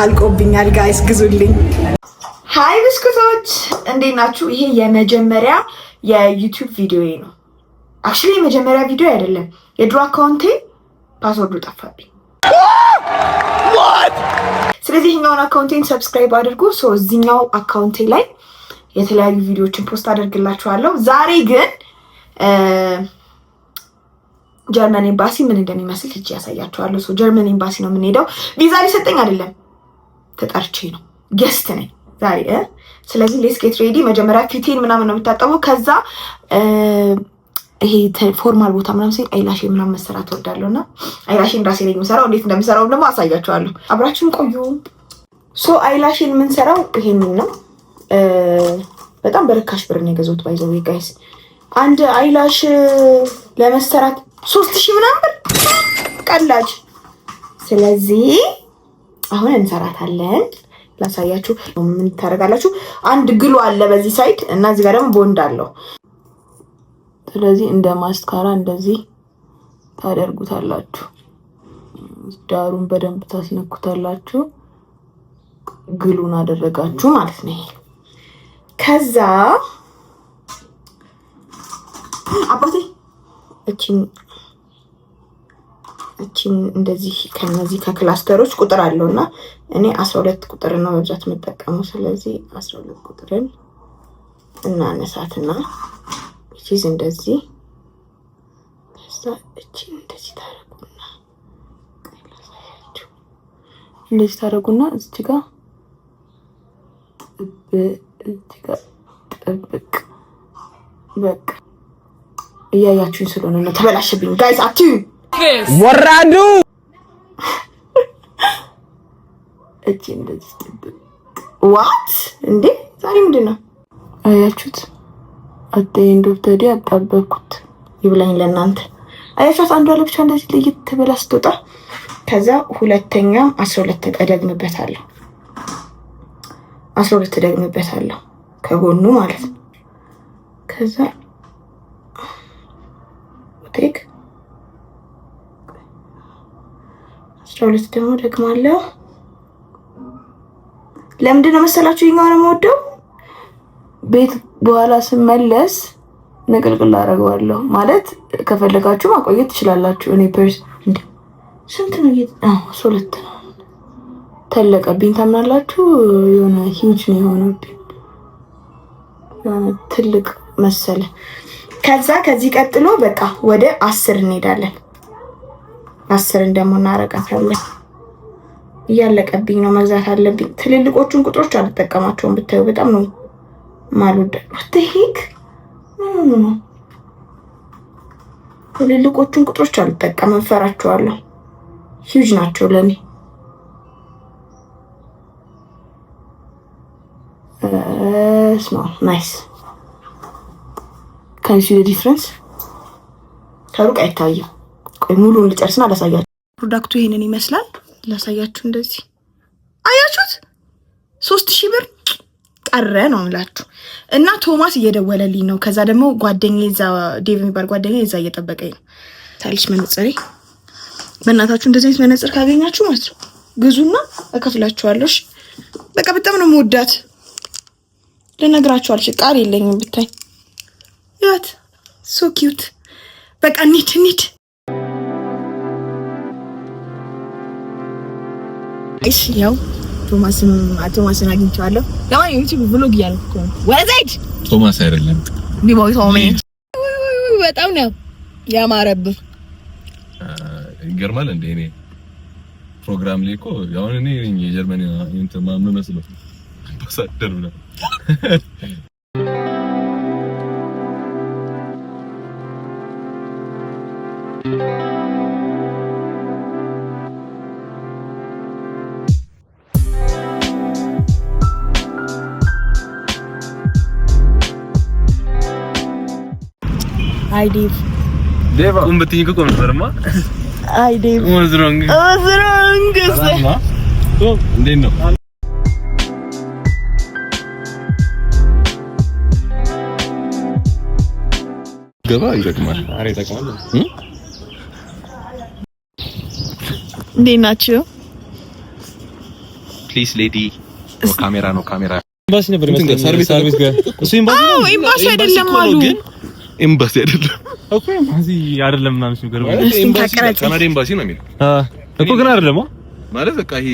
አልቆብኛል። ጋይስ ግዙልኝ። ሀይ ብስኩቶች እንዴት ናችሁ? ይሄ የመጀመሪያ የዩቲዩብ ቪዲዮ ነው። አክቹሊ የመጀመሪያ ቪዲዮ አይደለም። የድሮ አካውንቴ ፓስወርዱ ጠፋብኝ። ስለዚህ ኛውን አካውንቴን ሰብስክራይብ አድርጉ። እዚኛው አካውንቴ ላይ የተለያዩ ቪዲዮዎችን ፖስት አደርግላችኋለሁ። ዛሬ ግን ጀርመን ኤምባሲ ምን እንደሚመስል ሂጅ ያሳያችኋለሁ። ጀርመን ኤምባሲ ነው የምንሄደው። ቪዛ ሊሰጠኝ አይደለም ተጠርቼ ነው ጌስት ነኝ ዛሬ። ስለዚህ ሌስ ጌት ሬዲ። መጀመሪያ ፊቴን ምናምን ነው የምታጠበው። ከዛ ይሄ ፎርማል ቦታ ምናምን ሲሄድ አይላሽ ምናምን መሰራት እወዳለሁ እና አይላሽን ራሴ ነኝ የምሰራው። እንዴት እንደምሰራው ደግሞ አሳያችኋለሁ። አብራችሁን ቆዩ። ሶ አይላሽን የምንሰራው ይሄንን ነው። በጣም በርካሽ ብር ነው የገዛሁት። ባይዘው ጋይስ አንድ አይላሽ ለመሰራት ሶስት ሺህ ምናምን ብር ቀላጅ። ስለዚህ አሁን እንሰራታለን። ላሳያችሁ። ምን ታደርጋላችሁ? አንድ ግሉ አለ በዚህ ሳይድ እና እዚህ ጋር ደግሞ ቦንድ አለው። ስለዚህ እንደ ማስካራ እንደዚህ ታደርጉታላችሁ። ዳሩን በደንብ ታስነኩታላችሁ። ግሉን አደረጋችሁ ማለት ነው። ከዛ አባቴ እቺን እቺን እንደዚህ ከነዚህ ከክላስተሮች ቁጥር አለው እና እኔ አስራ ሁለት ቁጥር ነው በብዛት የምጠቀመው። ስለዚህ አስራ ሁለት ቁጥርን እናነሳትና እቺዝ እንደዚህ ከዛ እቺን እንደዚህ ታደረጉና እንደዚህ ታረጉና እዚች ጋ ጥብቅ በቃ እያያችሁኝ ስለሆነ ነው። ተበላሸብኝ ጋይስ አትዩኝ ወራዱ እቺ እንደዚህ ጥብቅ ዋት እንዴ! ዛሬ ምንድን ነው አያችሁት? አጠይን ዶክተር አጣበኩት ይብላኝ ለእናንተ። አያችሁት? አንዷ ለብቻ እንደዚህ ለየት ብላ ስትወጣ ከዛ ሁለተኛም አስራ ሁለት እደግምበታለሁ አስራ ሁለት እደግምበታለሁ ከጎኑ ማለት ነው። ከዛ ቴክ አስራ ሁለት ደግሞ ደግማለሁ። ለምንድን ነው መሰላችሁ ይኛውን የምወደው? ቤት በኋላ ስመለስ ንቅልቅል አደርገዋለሁ። ማለት ከፈለጋችሁ ማቆየት ትችላላችሁ። እኔ ፐርስ ስንት ነው? አስራ ሁለት ነው። ተለቀብኝ ታምናላችሁ? የሆነ ሂውጅ ነው የሆነብኝ፣ ትልቅ መሰለ። ከዛ ከዚህ ቀጥሎ በቃ ወደ አስር እንሄዳለን። አስርን ደግሞ እናረጋታለን። እያለቀብኝ ነው መግዛት አለብኝ። ትልልቆቹን ቁጥሮች አልጠቀማቸውም ብታዩ በጣም ነው ማሉደ ትሄክ ትልልቆቹን ቁጥሮች አልጠቀምም፣ ፈራቸዋለሁ። ሂውጅ ናቸው ለእኔ ናይስ ከንሲ ዲፍረንስ ከሩቅ አይታይም። ሙሉን ልጨርስና ላሳያችሁ። ፕሮዳክቱ ይሄንን ይመስላል። ላሳያችሁ እንደዚህ አያችሁት? ሶስት ሺህ ብር ቀረ ነው ምላችሁ። እና ቶማስ እየደወለልኝ ነው። ከዛ ደግሞ ጓደኛ ዛ ዴቭ የሚባል ጓደኛ ዛ እየጠበቀኝ ነው። ታልሽ መነጽሬ፣ በእናታችሁ እንደዚህ አይነት መነጽር ካገኛችሁ ማለት ነው ግዙና እከፍላችኋለሁ። በቃ በጣም ነው የምወዳት። ልነግራችሁ አልችል ቃል የለኝም። ብታይ ያት ሶ ኪዩት። በቃ ኒድ ኒድ እሺ ያው ቶማስም ቶማስን አግኝቼዋለሁ። ያው ዩቲዩብ ብሎግ እያልኩ ወዘድ ቶማስ አይደለም በጣም ነው ያማረብህ። ይገርማል እንደ እኔ ፕሮግራም ላይ እኮ እኔ የጀርመን እንትን አምባሳደር ነው አይ ዴቭ ዴቭ ቁም ብትይኝ እኮ ቁም ነበርማ። አይ ዴቭ ወዝ ሮንግ ወዝ ሮንግ እንዴት ነው? ገባ ይጠቅማል። አሬ ይጠቅማል። እንዴት ናችሁ? ፕሊዝ ሌዲ ካሜራ ነው ካሜራ ኤምባሲ ነበር ይመስለኛል። ሰርቪስ ሰርቪስ ጋር እሱ ኤምባሲ ነው። ኤምባሲ አይደለም አሉ ኤምባሲ አይደለም እኮ አይደለም ምናምን ሲሉ ገርበኝ ነው የሚለው እኮ ግን አይደለም ማለት በቃ ይሄ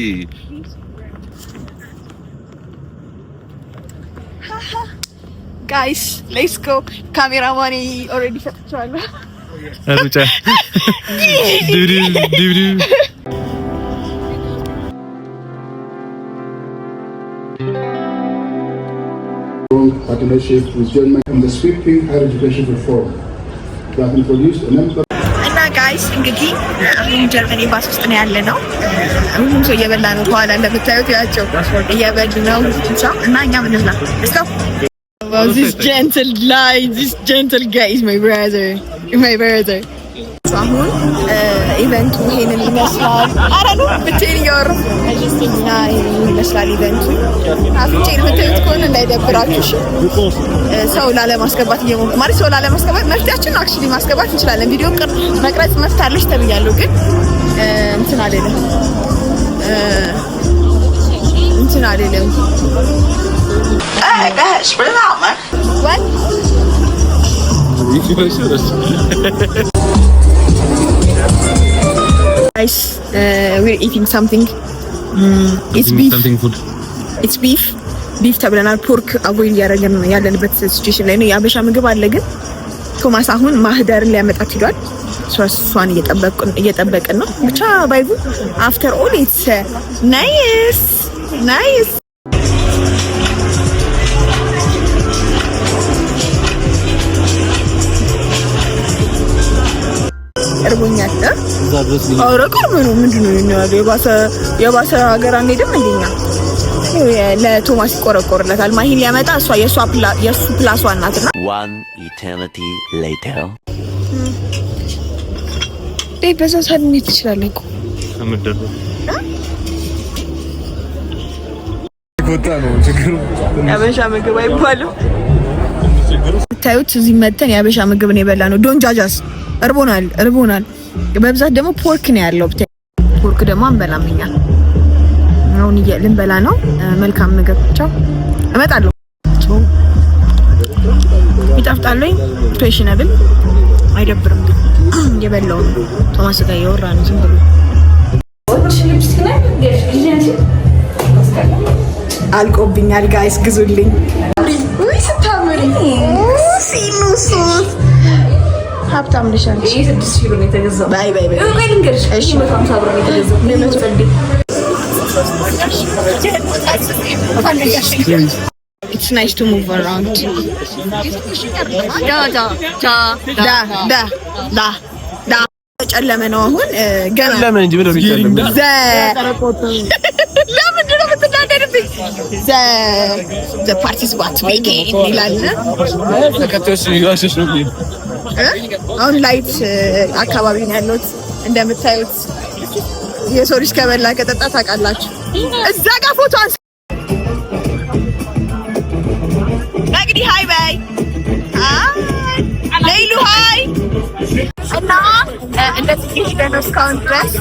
ጋይስ ሌትስ ጎ ካሜራማን ኦልሬዲ ሰጥቼዋለሁ partnership with Germany on the sweeping higher education reform that introduced an emphasis ጋይስ እንግዲህ አሁን ጀርመኒ ባስ ውስጥ ነው ያለ ነው። This gentle guy, this gentle guy is my brother. My brother. Uh, ኢቨንቱ ይሄንን ይመስላል። አረኑ ብቻዬን እያወሩ እና ይሄንን ይመስላል ኢቨንቱ። አፍንጫዬን የምታዩት ከሆነ እንዳይደብራችሁ እሺ። ሰው ላለማስገባት እየሞከ ማለት ሰው ላለማስገባት መፍትያችን አክቹሊ ማስገባት እንችላለን። ቪዲዮ መቅረጽ መፍት ተብያለሁ፣ ግን እንትን አልልም እንትን አልልም What? guys, uh, we're eating something. Mm, it's beef. Something food. It's beef. ቢፍ ተብለናል። ፖርክ አቮይድ እያደረገን ያለንበት ሲቹዌሽን ላይ ነው። የአበሻ ምግብ አለ ግን ቶማስ አሁን ማህደርን ሊያመጣት ሂዷል። እሷን እየጠበቅን ነው። ብቻ ባይቡ አፍተር ኦል ኢትስ ናይስ ናይስ ድረስ ነው። ኧረ ቅርብ ነው። ምንድን ነው የባሰ የባሰ ሀገር አንሄድም። እንደኛ ለቶማስ ይቆረቆርለታል። ማሂን ሊያመጣ እሷ የእሷ የእሱ ፕላሷ ናትና ዋን ኢተርኒቲ ሌተር ቤት በዛ ሰዓት እንዴት ትችላለህ እኮ እምደርሰው ቦታ ነው ችግሩ። ያበሻ ምግብ አይባልም። ታዩት እዚህ መተን ያበሻ ምግብ ነው የበላ ነው። ዶንጃጃስ እርቦናል፣ እርቦናል በብዛት ደግሞ ፖርክ ነው ያለው። ፖርክ ደግሞ አንበላምኛል። አሁን ልንበላ ነው። መልካም ምግብ ብቻ እመጣለሁ። ይጣፍጣል ወይ ቶሽነብል አይደብርም። ግን የበላው ነው ቶማስ ጋር ያወራ ነው ዝም ብሎ አልቆብኛል። ጋይስ ግዙልኝ። ሀብታም ነሽ አንቺ። ይሄ ስድስት ሺህ ብር ነው የተገዛው። ባይ ባይ ባይ። እኔ ልንገርሽ፣ እሺ መቶ ሀምሳ ብር ነው የተገዛው። ጨለመ ነው አሁን ገና ለምንድን ነው የምትናደድብኝ? አሁን ላይት አካባቢ ነው ያለሁት። እንደምታዩት የሰው ልጅ ከበላ ከጠጣ ታውቃላችሁ። እዛ ጋር ፎቶ አንስ። መግዲ ሀይ በይ ሌይሉ ሀይ። እና እንደዚህ እየሄድን ነው እስካሁን ድረስ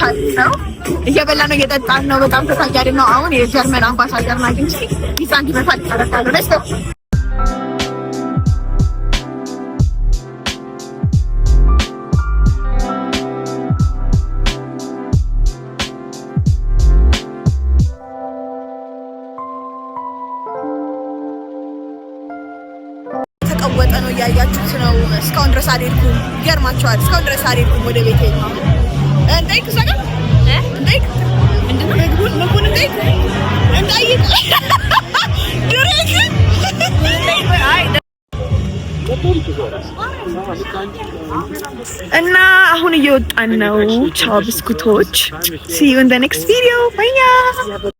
ታች ነው እየበላን ነው እየጠጣን ነው። በጣም ተታያሪ ነው። አሁን የጀርመን አምባሳደር ናት እንጂ ቪዛ እንዲመታ ይጠረቃሉ ነስ እስካሁን ድረስ አልሄድኩም። ይገርማቸዋል። እስካሁን ድረስ አልሄድኩም ወደ ቤቴ። እንጠይቅ እሷ ጋር እንጠይቅ፣ ምግቡን ምግቡን እንጠይቅ እንጠይቅ እና አሁን እየወጣን ነው። ቻው ብስኩቶች። ሲዩ ኢን ዘ ኔክስት ቪዲዮ።